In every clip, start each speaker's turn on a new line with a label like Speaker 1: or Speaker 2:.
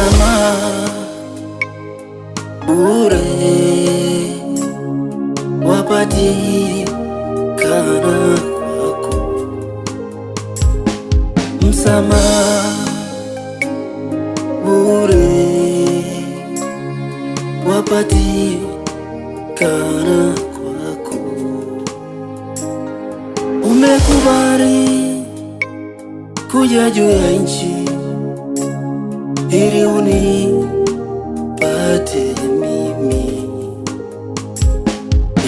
Speaker 1: tamaa bure, wapatikana kwako msamaha bure, wapatikana kana umekubali kuja juu ya ili unipate mimi,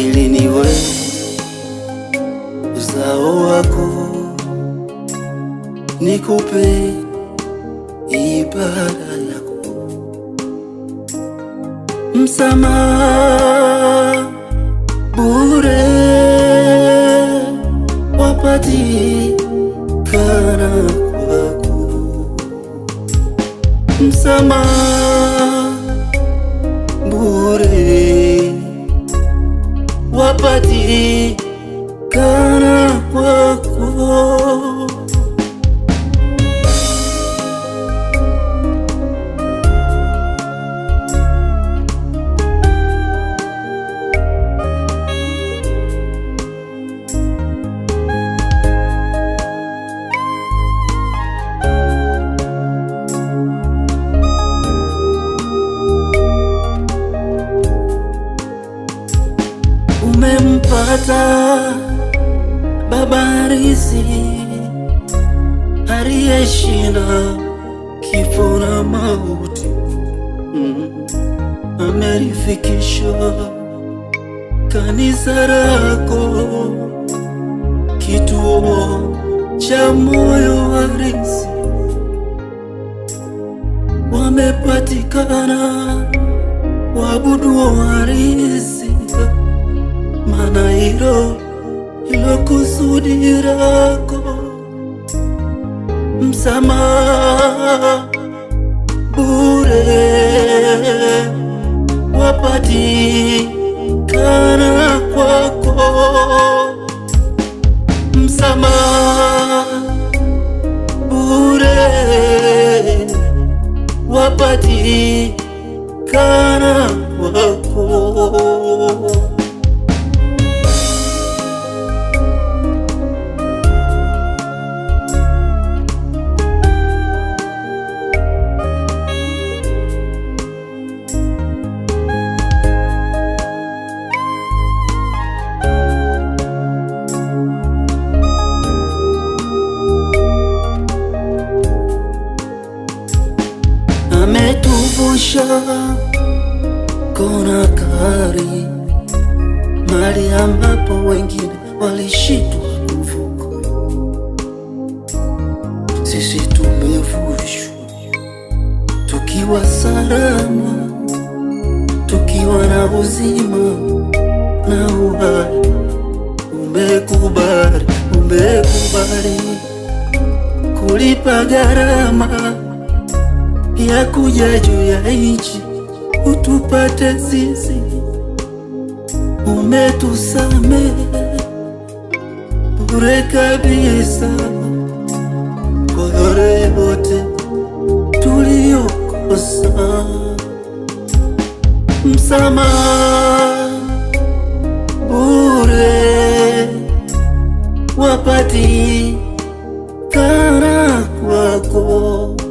Speaker 1: ili niwe uzao wako, nikupe ibada yako msamaha bure, wapatikana kwako Kata Babarizi aliyeshinda kifo na mauti mm, amelifikisha kanisa lako kituo cha moyo wa Wamepatikana wabudu wa Kristo sana na hilo hilo kusudi lako. Msamaha bure wapatikana kwako, msamaha bure wapatikana maisha kona kari mali ambapo wengine walishindwa kuvuka, sisi tumevushwa tukiwa salama, tukiwa na uzima na uhai. Umekubali, umekubali kulipa gharama ya kuja juu ya nchi utupate sisi, umetusamehe bure kabisa. Kodore bote tuliokosa msamaha bure wapati kara kwako